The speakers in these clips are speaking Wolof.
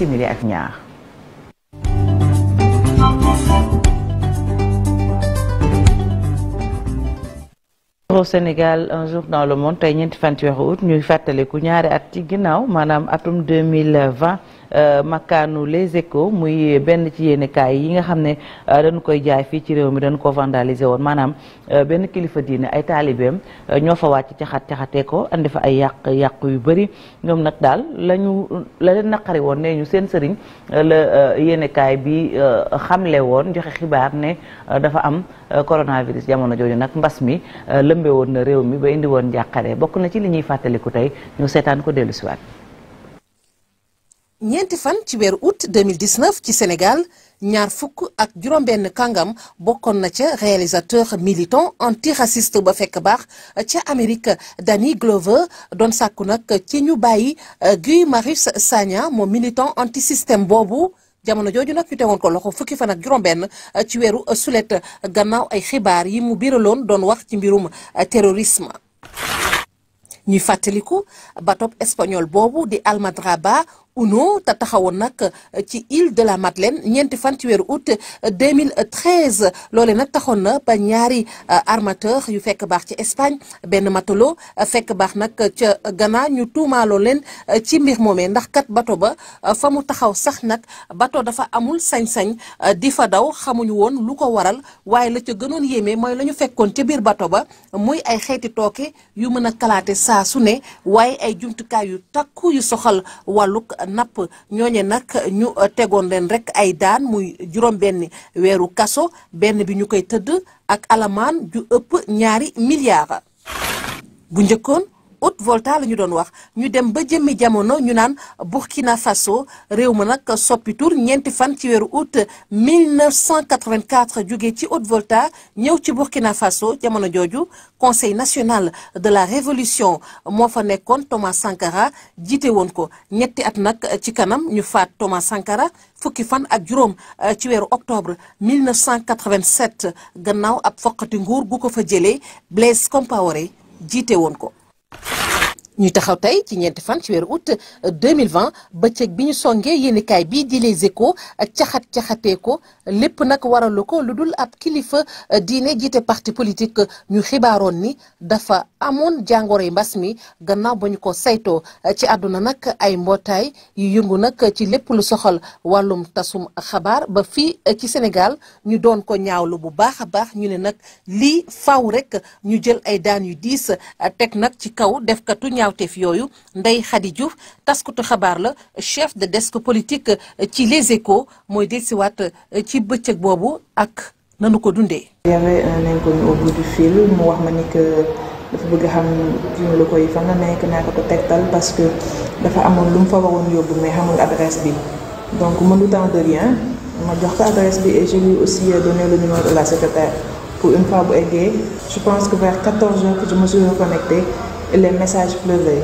simili ak ñaar. au Sénégal un jour le monde tey ñeenti fan ci weeru ñuy fàttaliku ñaari at ci ginnaaw maanaam atum Euh, makkaanu Les Échos muy benn ci yéenekaay yi nga xam ne euh, dañu koy jaay fii ci réew mi dañu ko vandaliser woon maanaam euh, benn kilifa diine ay taalibeem ñoo fa wàcc caxat caxatee ko andi fa ay yàq yàq yu bëri ñoom nag daal lañu la leen naqari woon nee ñu seen sëriñ la yéenekaay bi xamle woon joxe xibaar ne dafa am coronavirus jamono jooju nag mbas mi lëmbe woon na réew mi ba indi woon njàqare bokk na ci li ñuy fàttaliku tey ñu seetaan ko dellusiwaat ñeenti fan ci weeru août 2019 ci Sénégal ñaar fukk ak juróom-benn kàngam bokkoon na ca réalisateur militant antiraciste ba fekk baax ca Amérique Danny Glover doon sàkku nag ci ñu bàyyi euh, Guy Marius Sagna moom militant système boobu jamono jooju nag ñu tegoon ko loxo fukki fan ak juróom-benn euh, ci weeru euh, sulet gannaaw ay xibaar yi mu biraloon doon wax ci mbirum terrorisme. ñuy fàttaliku batop espagnol boobu di Almadraba UNO te taxawoon nag euh, ci île de la Madeleine ñeenti fan ci weeru août 2013 euh, loole nag taxoon na ba ñaari euh, armateur yu fekk baax ci Espagne benn matelot fekk baax nag ca Ghana ñu tuumaaloo leen ci mbir moomee ndax kat bato ba fa mu taxaw sax nag bato dafa amul sañ-sañ di fa daw xamuñu woon lu ko waral waaye la ca gënoon yéeme mooy la ñu fekkoon ca biir bato ba muy ay xeeti tooke yu mën a kalaate saa su ne waaye ay jumtukaay yu takku yu soxal wàllug napp ñooñe nag ñu tegoon leen rekk ay daan muy juróom benn weeru kaso benn bi ñu koy tëdd ak alamaan ju ëpp ñaari milliards bu njëkkoon haute volta la ñu doon wax ñu dem ba jëmmi jamono ñu naan Burkina Faso réew ma nag soppi tur ñeenti fan ci weeru août 1984 jóge ci haute volta ñëw ci Burkina Faso jamono jooju conseil national de la révolution moo fa nekkoon Thomas Sankara jiite woon ko ñetti at nag ci kanam ñu faat Thomas Sankara fukki fan ak juróom euh, ci weeru octobre 1987 gannaaw ab foqati nguur gu ko fa jëlee Blaise Compaoré jiite woon ko you ñuy taxaw tey ci ñeenti fan ci weeru août 2020 euh, bëccëg bi ñu songee yéenekaay bii di les échos euh, caxat caxate ko lépp nag waralu ko lu dul ab kilifa euh, diine jiite parti politique ñu xibaaroon ni dafa amoon jàngoroy mbas mi gannaaw ba ñu ko saytoo ci àdduna nag ay mbootaay yu yëngu nag ci lépp lu soxal wàllum tasum xabaar ba fii ci Sénégal ñu doon ko ñaawlu bu baax a baax ñu ne nag lii faw rek ñu jël ay daan yu diis teg nag ci kaw defkatu ñaaw ñaawteef yooyu Ndeye Khady Diouf taskatu xabaar la chef de desk politique euh, ci Les Échos mooy delsiwaat euh, ci bëccëg boobu ak nanu ko dundee. y avait un inconnu au bout du fil mu wax ma ni que dafa bëgg xam jiw lu koy fan la nekk naa ko tegtal parce que dafa amoon lu mu fa waroon yóbbu mais xamul adresse bi donc mënutant de rien ma jox ko adresse bi et je lui aussi donné le numéro de la secrétaire pour une fois bu eggee je pense que vers 14 heures que je me suis les messages pleuvaient.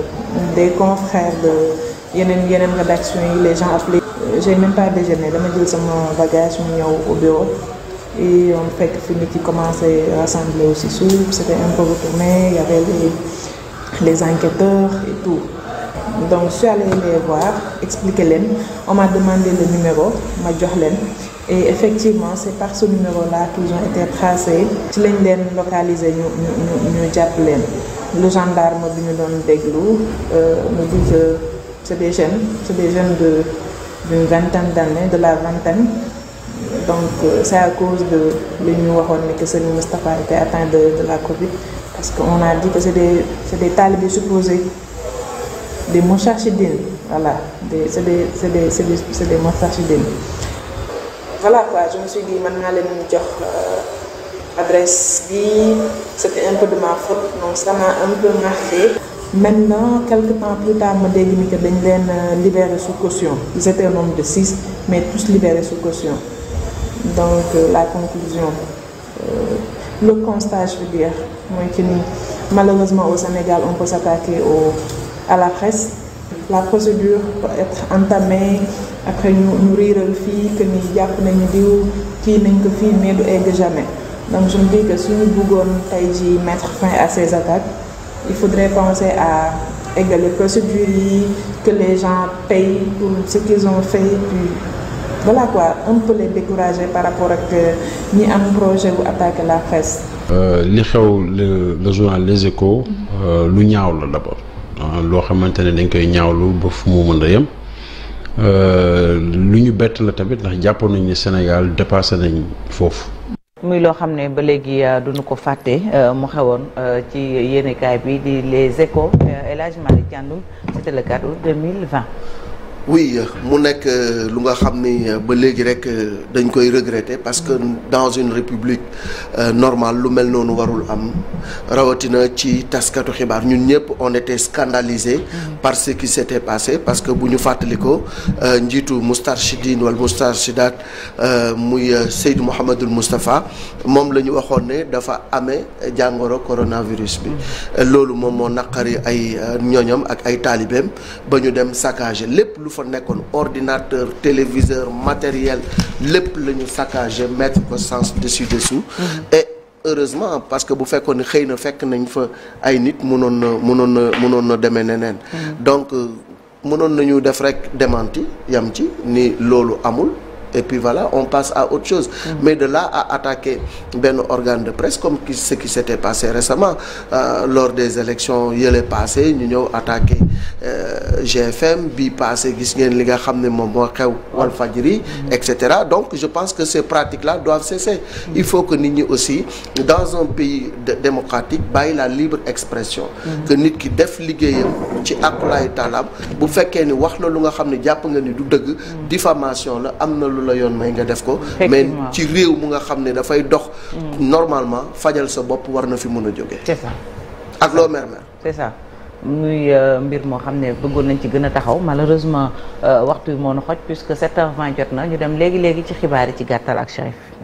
Des confrères de yeneen yeneen rédaction yi les gens appelaient. j'ai même pas déjeuné dama jël sama bagage mu ñëw au bureau et on fekk fi nit yi commencé rassembler aussi suuf c'était un peu retourné y avait les enquêteurs et donc je suis les voir expliquer leen on demande demandé le numéro ma jox leen effectivement c'est par ce numéro la qu'ils ont été tracés ci lañ leen localiser ñu ñu ñu leen. le gendarme bi ñu doon déglu euh, me dit que c'est des jeunes c'est des jeunes de d'une vingtaine d'années de la vingtaine donc euh, c'est à cause de li ñu waxoon ni que Serigne Moustapha était atteint de de la Covid parce que on a dit que c'est des c'est des talibés supposés des moustarchidines voilà des c'est des c'est des c'est des c'est des moustarchidines voilà quoi je me suis man naa leen jox. Euh, adresse bi c'était un peu de ma faute donc ça m'a un peu marqué. maintenant quelque temps plus tard ma dégg ni que dañ leen euh, libéré sous caution ils étaient au nombre de six mais tous libérés sous caution donc euh, la conclusion euh, le constat je veux dire mooy que ni malheureusement au Sénégal on peut s'attaquer au à la presse la procédure peut être entamée après ñu riiral fii que ni jàpp nañu diw kii nañ ko fii mais du egg jamais donc je me dis que suñu bëggoon tey ji mettre fin à ces attaques il faudrait penser à égaler procédures yi que les gens payent pour ce qu'ils ont fait puis voilà quoi un peu décourager par rapport ak euh, ñi am projet bu attaquer la presse. Euh, li xew le journal Les Échos euh, lu ñaaw la d'abord loo xamante ne dañ koy ñaawlu ba fu mu mën a lu ñu bett la tamit ndax jàppoon nañ ne Sénégal dépassé nañ foofu. muy loo xam ne ba léegi euh, du nu ko fàtte euh, mu xewoon euh, ci yéenekaay bi di les échos El Hadj Malick Thiandoum c'était le 4 août 2020 oui mu nekk euh, lu nga xam ni euh, ba léegi rek euh, dañ koy regretter parce que dans une république normale lu mel noonu warul am rawatina ci taskatu xibaar ñun ñëpp on était scandalisés mm-hmm. par ce qui s'était passé parce que bu ñu fàttaliko njiitu Moustarchidine wala Moustarchidat muy Seydou Mouhamadul Moustapha moom la ñu waxoon ne dafa ame jàngoro coronavirus bi mm-hmm. loolu moom moo naqari ay ñoñam ak ay taalibeem ba ñu dem saccager lépp fa nekkoon ordinateur téléviseur matériel lépp la ñu saccagé mettre ko sens dessus dessous et heureusement parce que bu fekkoon ne xëy na fekk nañ fa ay nit munoon na mënoon na mënoon na demee neneen mm-hmm. donc euh, mënoon nañu def rek démenti yam ci ni loolu amul et puis voilà on passe à autre chose mm-hmm. mais de là à attaquer benn organe de presse comme ce qui s'était passé récemment euh, lors des élections yële passé ñu ñëw attaquer euh, GFM bi passé gis ngeen li nga xam ne moom moo xew Walfadjri et cetera donc je pense que ces pratiques là doivent cesser il faut que nit ñi aussi dans un pays démocratique bàyyi la libre expression que nit ki def liggéeyam ci akulaay taalaam bu fekkee ni wax na lu nga xam ne jàpp nga ni du dëgg diffamation la am na lu la yoon may nga def ko mais ci réew mu nga xam ne dafay dox mm. normalement fajal sa bopp war na fi mun a jógee c'est ak loo mer mer muy euh, mbir moo xam ne bëggoon nañ ci gën a taxaw malheureusement euh, waxtu wi moo nu xoj puisque 7h20 jot na ñu dem léegi léegi ci xibaar yi ci gàttal ak Chérif.